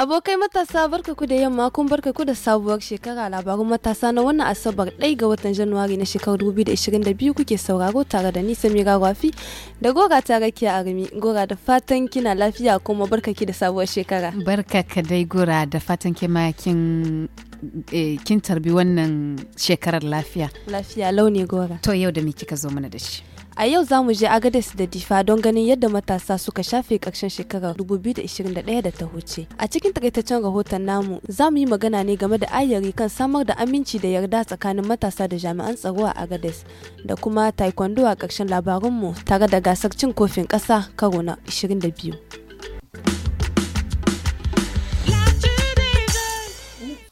Abokai matasa barka ku da yamma kun barka ku da sabuwar shekara labarun matasa na wannan asabar ɗaya ga watan Januwari na shekarar 2022 kuke sauraro tare da ni Samira Rafi da Gora tare ki Arimi. Gora da fatan kina lafiya kuma barka ki da sabuwar shekara. Barka ka dai Gora da fatan ke kin eh, kin tarbi wannan shekarar lafiya. Lafiya launi Gora. To yau da me kika zo mana da shi? A yau za mu je Agadez da Difa don ganin yadda matasa suka shafe ƙarshen shekarar 2021 da ta huce. A cikin takaitaccen rahoton namu za mu yi magana ne game da ayari kan samar da aminci da yarda tsakanin matasa da jami'an tsaro a Agadez da kuma taekwondo a ƙarshen labarunmu tare da gasar cin kofin ƙasa karo na 22.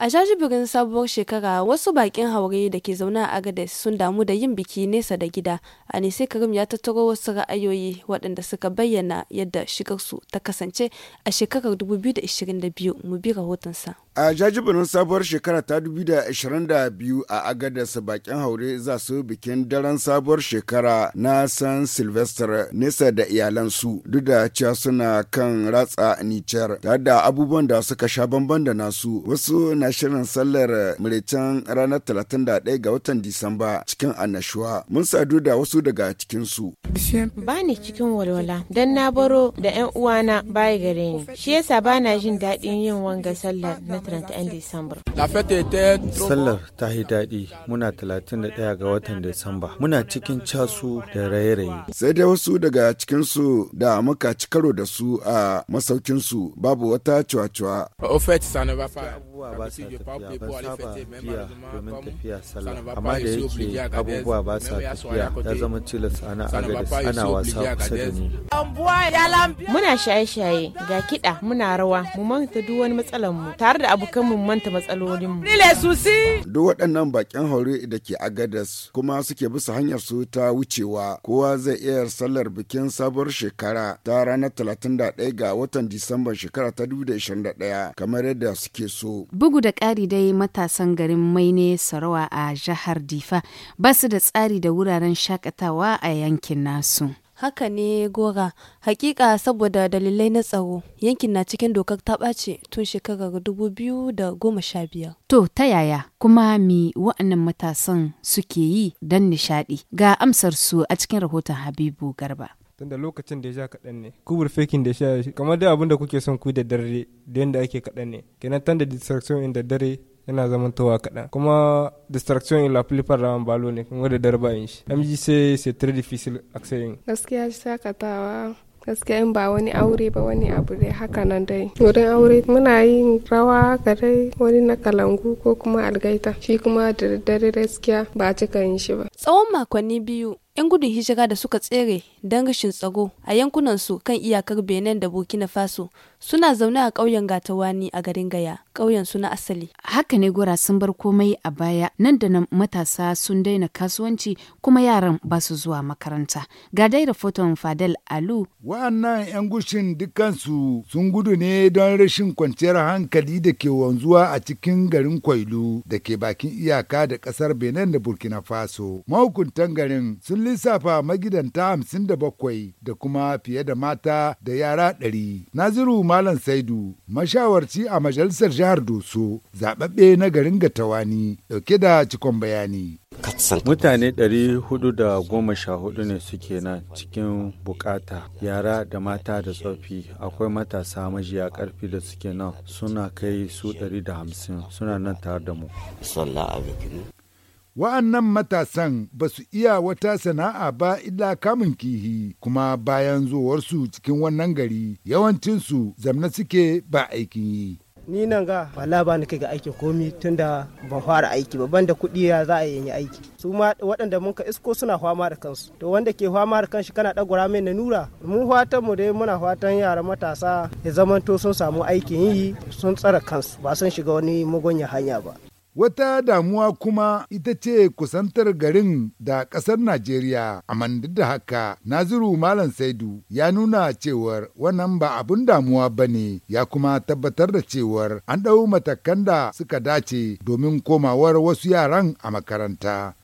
A jajibirin sabuwar shekara wasu bakin haure da ke zaune a Agades sun damu da yin biki nesa da gida. Anise Karim ya tattaro wasu ra'ayoyi waɗanda suka bayyana yadda shigarsu ta kasance a shekarar 2022 mu bi rahotonsa. A jajibirin sabuwar shekara ta 2022 a agadas bakin haure za su bikin daren sabuwar shekara na San Sylvester nesa da iyalansu duk da cewa suna kan ratsa Nijar tare da abubuwan da suka sha bamban da nasu wasu na shirin sallar muritan ranar 31 ga watan Disamba cikin annashuwa. Mun sadu da wasu daga cikinsu. Ba ni cikin walwala don na baro da 'yan uwana baya gare ni. Shi yasa ba na jin daɗin yin wanga sallar na 31 Disamba. Sallar ta yi daɗi muna 31 ga watan Disamba. Muna cikin casu da raye-raye. Sai dai wasu daga cikinsu da muka ci karo da su a masaukinsu babu wata cuwa-cuwa. abubuwa ba sa tafiya ban saba biya domin tafiya sallah amma da yake abubuwa ba sa tafiya ta zama tilas ana agadis ana wasa kusa da ni. Muna shaye-shaye ga kiɗa muna rawa mu manta duk wani matsalar mu tare da abu kan manta matsalolin mu duk waɗannan bakin haure da ke agadas kuma suke bisa hanyar su ta wucewa kowa zai iya sallar bikin sabuwar shekara ta ranar 31 ga watan disamba shekara ta 2021 kamar yadda suke so bugu da ƙari dai matasan garin maine sarawa a jihar difa ba su da tsari da wuraren shakatawa a yankin nasu Haka ne Gora, hakika saboda dalilai na tsaro yankin na cikin dokar ta ɓace tun shekarar 2015. To ta yaya kuma mi wa'annan matasan suke yi don nishaɗi ga amsar su a cikin rahoton Habibu Garba. tunda lokacin da ya sha kaɗan ne kubur fekin da ya sha kamar dai abin da kuke son ku da dare da yadda ake kaɗan ne kenan tanda distraction in da dare yana zamantowa kaɗan kuma distraction la plupart da balo ne kuma da darba yin shi say c'est très difficile accès gaskiya shakatawa gaskiya in ba wani aure ba wani abu dai haka nan dai wurin aure muna yi rawa ga dai wani na kalangu ko kuma algaita shi kuma da dare gaskiya ba cika yin shi ba tsawon makonni biyu 'Yan gudun hijira da suka tsere don rashin tsaro a yankunansu kan iyakar Benin da Burkina Faso suna zaune a ƙauyen Gatawani a garin Gaya, ƙauyen su na asali. Haka ne gora sun bar komai a baya nan da nan matasa sun daina kasuwanci kuma yaran ba su zuwa makaranta. Ga dai foton Fadel Alu. Wa'annan 'yan gushin dukansu sun gudu ne don rashin kwanciyar hankali da ke wanzuwa a cikin garin Kwailu da ke bakin iyaka da ƙasar Benin da Burkina Faso. Mahukuntan garin sun lissafa magidanta hamsin da bakwai da kuma fiye da mata da yara ɗari. Naziru Malam Saidu, mashawarci a majalisar jihar Doso, zaɓaɓɓe na garin Gatawani, ɗauke da cikon bayani. Mutane da goma 414 ne suke nan cikin bukata yara da mata da tsofi akwai matasa majiya karfi da suke nan suna kai su ɗari da hamsin suna nan tare da mu. Wa'annan matasan ba su iya wata sana'a ba illa kamun kihi kuma bayan zuwarsu cikin wannan gari yawancinsu zamna suke ba aikin yi. ni nan ga wala ba nake ga aiki komi tunda ban fara aiki ba banda kuɗi ya za a yi aiki su ma waɗanda mun ka isko suna fama da kansu to wanda ke fama da kanshi kana dagura mai na nura mu fatan mu dai muna fatan yara matasa ya zamanto sun samu aikin yi sun tsara kansu ba sun shiga wani mugunya hanya ba Wata damuwa kuma ita ce kusantar garin da ƙasar Najeriya, amma duk da haka Naziru Malam Saidu ya nuna cewar wannan ba abun damuwa ba ne ya kuma tabbatar da cewar an ɗau matakan da suka dace domin komawar wasu yaran a makaranta.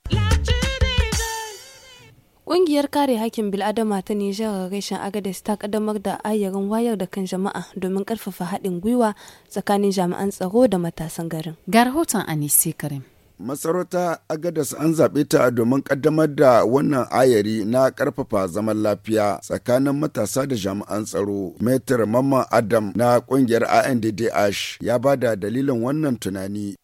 Ƙungiyar kare hakkin bil'adama ta Nijar reshen Agadez ta kaddamar da ayyarin wayar da kan jama'a domin ƙarfafa haɗin gwiwa tsakanin jami'an tsaro da matasan garin. Ga rahoton Anise Karim. masarauta agadas an zaɓe ta domin ƙaddamar da wannan ayari na ƙarfafa zaman lafiya tsakanin matasa da jami'an tsaro metar mamman adam na ƙungiyar andh ya ba da dalilin wannan tunani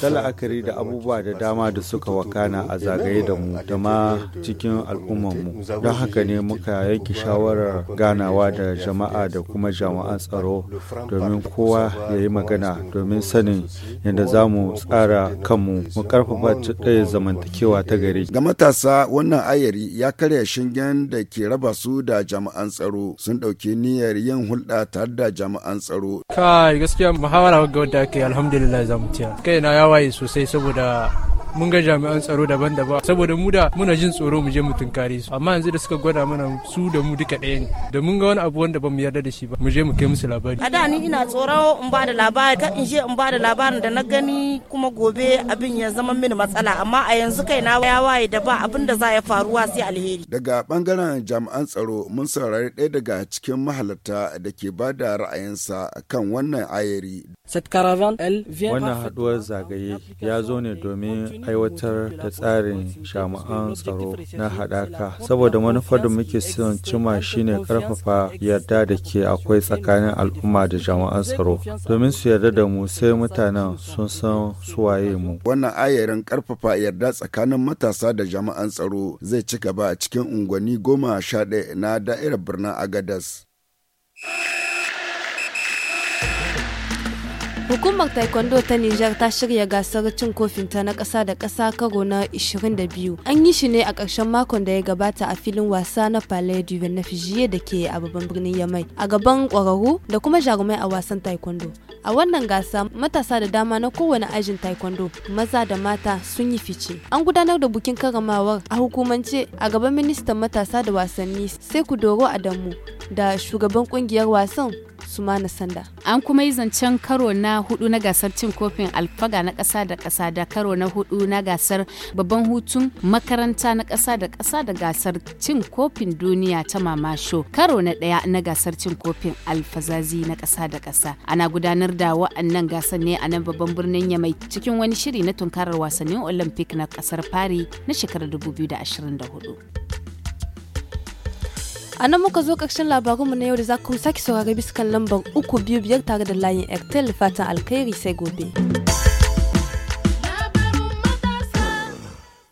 ta la'akari da abubuwa da dama da suka wakana a zagaye da mu da ma cikin al'ummarmu don haka ne muka yanke shawarar ganawa da jama'a da kuma jami'an tsaro domin kowa ya yi magana domin sanin yadda za mu tsara kanmu mu mu karfafa eh, zamantakewa ta gari. Ga matasa wannan ayari ya karya shingen da ke raba su da jami'an tsaro sun ɗauki niyyar yin hulɗa tare da jama'an tsaro. Kai gaskiya muhawara ga wadda ake alhamdulillah zamu Kai na ya waye sosai saboda mun ga jami'an tsaro daban-daban saboda mu da muna jin tsoro mu je mu tunkare su amma yanzu da suka gwada mana su da mu duka ɗaya ne da mun ga wani abu wanda ba mu yarda da shi ba mu je mu kai musu labari a da ni ina tsoro in ba da labari kan in je in ba da labarin da na gani kuma gobe abin ya zama mini matsala amma a yanzu kai na ya waye da ba abin da za ya faruwa sai alheri daga bangaren jami'an tsaro mun saurari ɗaya daga cikin mahalarta da ke ba da ra'ayinsa kan wannan ayari Wannan haduwar zagaye ya zo ne domin aiwatar da tsarin jama'an tsaro na haɗaka saboda manufar da muke son cima shine karfafa yarda da ke akwai tsakanin al'umma da jama'an tsaro domin su yarda da mu sai mutanen sun san suwaye mu. Wannan ayarin karfafa yarda tsakanin matasa da jama'an tsaro zai ci gaba a cikin unguwanni goma sha ɗaya na da'irar birnin Agadas. Hukumar Taekwondo ta Nijar ta shirya gasar cin kofin ta na kasa da kasa karo na 22. An yi shi ne a ƙarshen makon da ya gabata a filin wasa na Palais du Beneficie da ke a babban birnin Yamai, a gaban ƙwararru da kuma jarumai a wasan Taekwondo. A wannan gasa matasa da dama na kowane ajin Taekwondo, maza da mata sun yi fice. An gudanar da bukin karamawar a hukumance a gaban ministan matasa da wasanni sai ku Doro Adamu da shugaban kungiyar wasan na Sanda. An kuma yi zancen karo na hudu na gasar cin kofin alfaga na kasa da ƙasa da karo na hudu na gasar babban hutun makaranta na ƙasa da ƙasa da gasar cin kofin duniya ta mamasho karo na ɗaya na gasar cin kofin alfazazi na ƙasa da ƙasa. Ana gudanar da wa'annan gasar ne a nan babban birnin Yamai cikin wani shiri na tunkarar wasannin Olympic na ƙasar Paris na shekarar 2024. a nan muka zo ƙarshen labarunmu na yau da za ku sake saurari bisa lambar uku biyu biyar tare da layin airtel fatan alkhairi sai gobe.